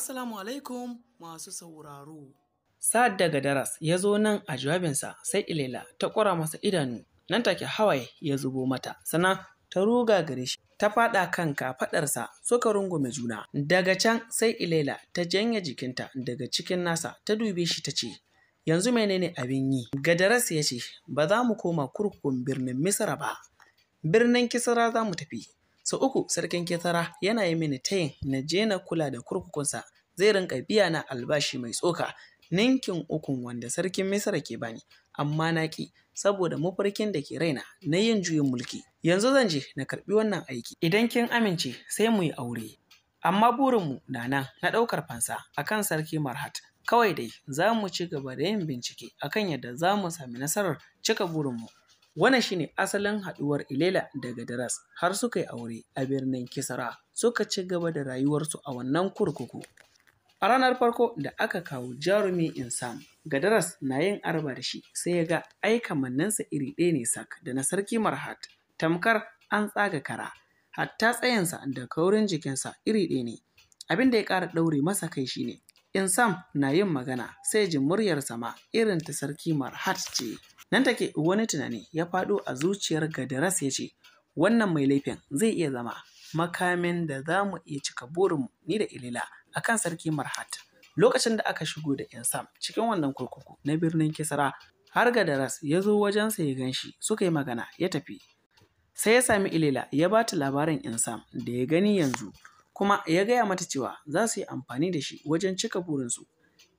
Assalamu alaikum masu sauraro. Sa'ad daga daras ya zo nan a jawabinsa sai Ilela ta ƙura masa idanu, nan take hawaye ya zubo mata, sana ta ruga gare shi, ta faɗa kan kafaɗarsa suka rungume juna. Daga can sai Ilela ta janye jikinta daga cikin nasa ta dube shi ta ce, Yanzu menene abin yi? Gadaras ya ce, Ba za mu koma kurkukun birnin Misira ba, birnin Kisra za mu tafi. Sau uku sarkin ketara yana yi mini tayin na je na kula da kurkukunsa zai rinka biya na albashi mai tsoka ninkin ukun wanda sarkin Misira ke bani amma na ki saboda mafarkin da ke raina na yin juyin mulki. Yanzu zan je na karbi wannan aiki. Idan kin amince sai mu yi aure. Amma burin mu na nan na ɗaukar fansa akan sarki Marhat. Kawai dai za mu ci gaba da yin bincike akan yadda za mu sami nasarar cika burin mu. Wannan shine asalin haɗuwar Ilela da Gadaras har suka yi aure a birnin Kisara suka ci gaba da rayuwarsu a wannan kurkuku. A ranar farko da aka kawo jarumi Insam, Gadaras na yin arba da shi sai ya ga ai kamanninsa iri ɗaya ne sak da na sarki Marhat, tamkar an tsaga kara, hatta tsayinsa da kaurin jikinsa iri ɗaya ne. Abin da ya ƙara ɗaure masa kai shine In Sam na yin magana sai jin muryar sama irin ta sarki Marhat ce. Nan take wani tunani ya faɗo a zuciyar Gadaras ya ce, Wannan mai laifin zai iya zama makamin da za mu iya cika burinmu ni da Ilila a kan sarki Marhat. Lokacin da aka shigo da insam Sam cikin wannan kurkuku na birnin Kisra, har Gadaras ya zo wajensa ya gan shi suka yi magana ya tafi. Sai ya sami Ilila ya ba ta labarin insam Sam da ya gani yanzu. kuma ya gaya mata cewa za su yi amfani da shi wajen cika burinsu.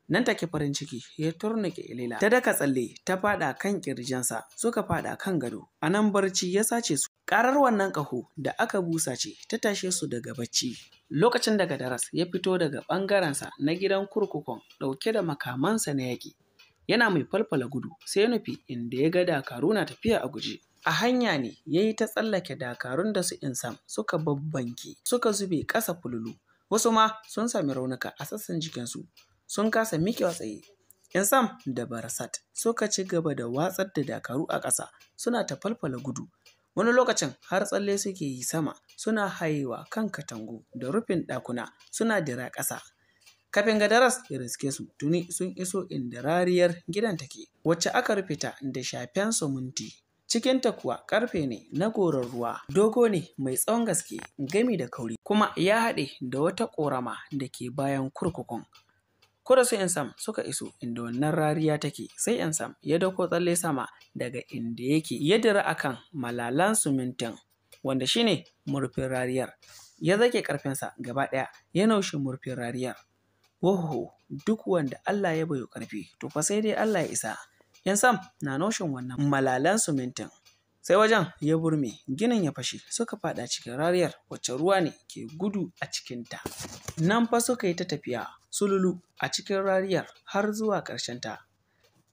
Nan take farin ciki ya ke Ilila. Ta daka tsalle ta fada kan kirjinsa suka fada kan gado. A nan barci ya sace su. Karar wannan ƙaho da aka busa ce ta tashe su daga bacci. Lokacin daga daras ya fito daga ɓangarensa na gidan kurkukun ɗauke da makamansa na yaƙi. yana mai falfala gudu sai nufi inda ya ga dakaru na tafiya a guje a hanya ne ya yi ta tsallake dakarun da su insam suka babbanke suka zube ƙasa fululu wasu ma sun sami raunuka a sassan jikinsu sun kasa miƙewa tsaye insam da barasat suka ci gaba da watsar da dakaru a ƙasa suna ta falfala gudu wani lokacin har tsalle suke yi sama suna haiwa kan katangu da rufin ɗakuna suna dira ƙasa Kafin ga daras ya riske su tuni sun iso inda rariyar gidan take wacce aka rufe ta da shafen sumunti. Cikinta kuwa karfe ne na goron ruwa, dogo ne mai tsawon gaske gami da kauri kuma ya haɗe da wata ƙorama da ke bayan kurkukun. ko da su yan sam suka iso inda wannan rariya take sai yan sam ya dauko tsalle sama daga inda yake ya dira akan malalan sumintin wanda shine murfin rariyar ya zake karfinsa gaba ɗaya, ya naushi murfin rariyar Waho duk wanda Allah ya bayo ƙarfi to fa sai dai Allah ya isa. Yan sam na noshin wannan malalan simintin, Sai wajen ya burme ginin ya fashe suka fada cikin rariyar wacce ruwa ne ke gudu a cikinta. Nan fa suka yi ta tafiya sululu a cikin rariyar har zuwa ƙarshen ta,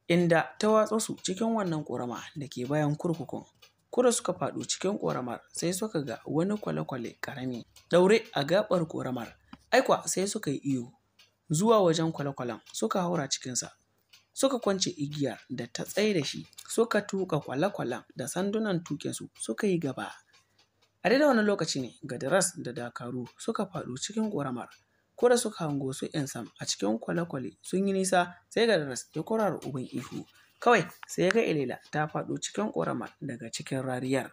inda ta watsa su cikin wannan ƙorama da ke bayan kurkukun. Kura suka faɗo cikin ƙoramar sai suka ga wani kwale-kwale ƙarami daure a gaɓar ƙoramar. Aikwa sai suka yi iyo zuwa wajen kwale-kwalen suka haura cikinsa suka kwance igiya da ta tsaye da shi suka tuka kwale-kwalen da sandunan tukinsu suka yi gaba a daidai wani lokaci ne ga daras da dakaru suka faɗo cikin ƙoramar ko da suka hango su yan sam a cikin kwale-kwale sun yi nisa sai ga daras ya korar uban ihu kawai sai ya ga ilela ta faɗo cikin ƙoramar daga cikin rariyar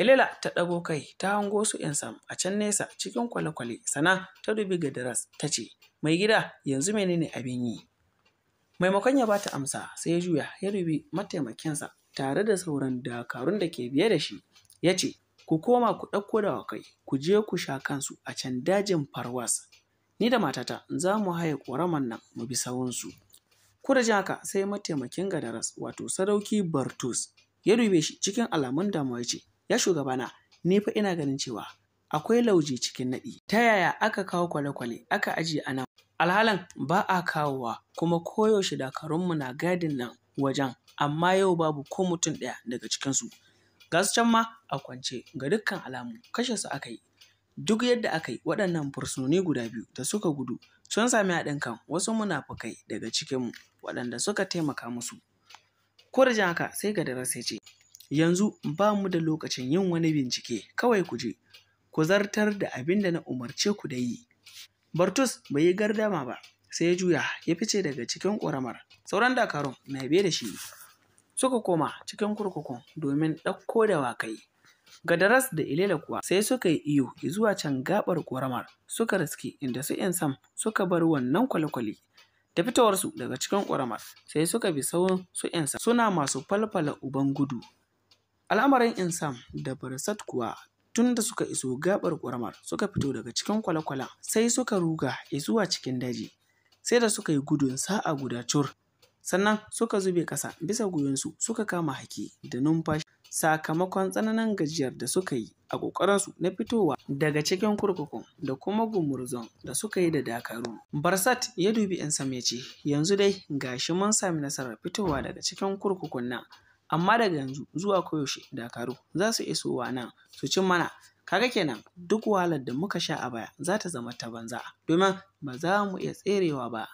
Ilela ta ɗago kai ta hango su ‘yan sam a can nesa cikin kwale-kwale sana ta dubi ga daras ta ce, mai gida yanzu menene abin yi maimakon ya bata amsa sai ya juya ya rubi mataimakinsa tare da sauran dakarun da ke biye da shi ya ce ku koma ku ɗauko kai ku je ku sha kansu a can dajin farwas ni da matata za mu haye ƙoraman nan mu bi sawunsu ku da haka sai mataimakin gadaras wato sadauki bartus ya rube shi cikin alamun damuwa ya ce ya shugabana ni fa ina ganin cewa akwai lauje cikin naɗi. Ta yaya aka kawo kwale-kwale aka ajiye a nan? Alhalan ba a kawowa kuma koyaushe dakarunmu na gadin nan wajen amma yau babu ko mutum ɗaya daga cikinsu. Ga su can ma a kwance ga dukkan alamu kashe su aka yi. Duk yadda aka yi waɗannan fursunoni guda biyu da suka gudu sun sami haɗin kan wasu munafukai daga cikinmu waɗanda suka taimaka musu. Ko da haka sai ga darasa ce, yanzu ba mu da lokacin yin wani bincike kawai ku je ku zartar da abin da na umarce ku da yi. Bartus bai yi gardama ba, sai ya juya ya fice daga cikin ƙoramar. Sauran dakarun na biye da shi. Suka koma cikin kurkukun domin ɗauko da wakai Gadaras da Ilela kuwa sai suka yi iyo zuwa can gaɓar ƙoramar suka riske inda su ‘yan sam suka bar wannan kwale-kwale. Da fitowarsu daga cikin ƙoramar sai suka bi sauran su ‘yan sam suna masu falfala uban gudu. Al'amarin insam da Barsat kuwa tun da suka iso gaɓar ƙwaramar suka fito daga cikin kwale-kwalen sai suka ruga zuwa cikin daji. Sai da suka yi gudun sa'a guda cur. Sannan suka zube ƙasa bisa su suka kama haki da numfashi sakamakon tsananin gajiyar da suka yi a ƙoƙarinsu na fitowa daga cikin kurkukun da kuma gumurzon da suka yi da dakaru. Barsat ya dubi 'yan sam ce, yanzu dai gashi mun sami nasarar fitowa daga cikin kurkukun nan. amma daga yanzu zuwa koyaushe dakaru za su iso wa nan su cin mana kaga kenan duk wahalar da muka sha a baya za ta zama ta banza domin ba za mu iya tserewa ba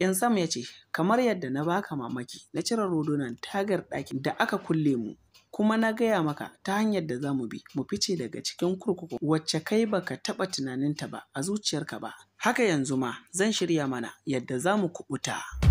yan sam ya ce kamar yadda na baka mamaki na cire rodunan tagar ɗakin da aka kulle mu kuma na gaya maka ta hanyar da za mu bi mu fice daga cikin kurkuku wacce kai baka taɓa tunaninta ba a zuciyarka ba haka yanzu ma zan shirya mana yadda za mu kuɓuta.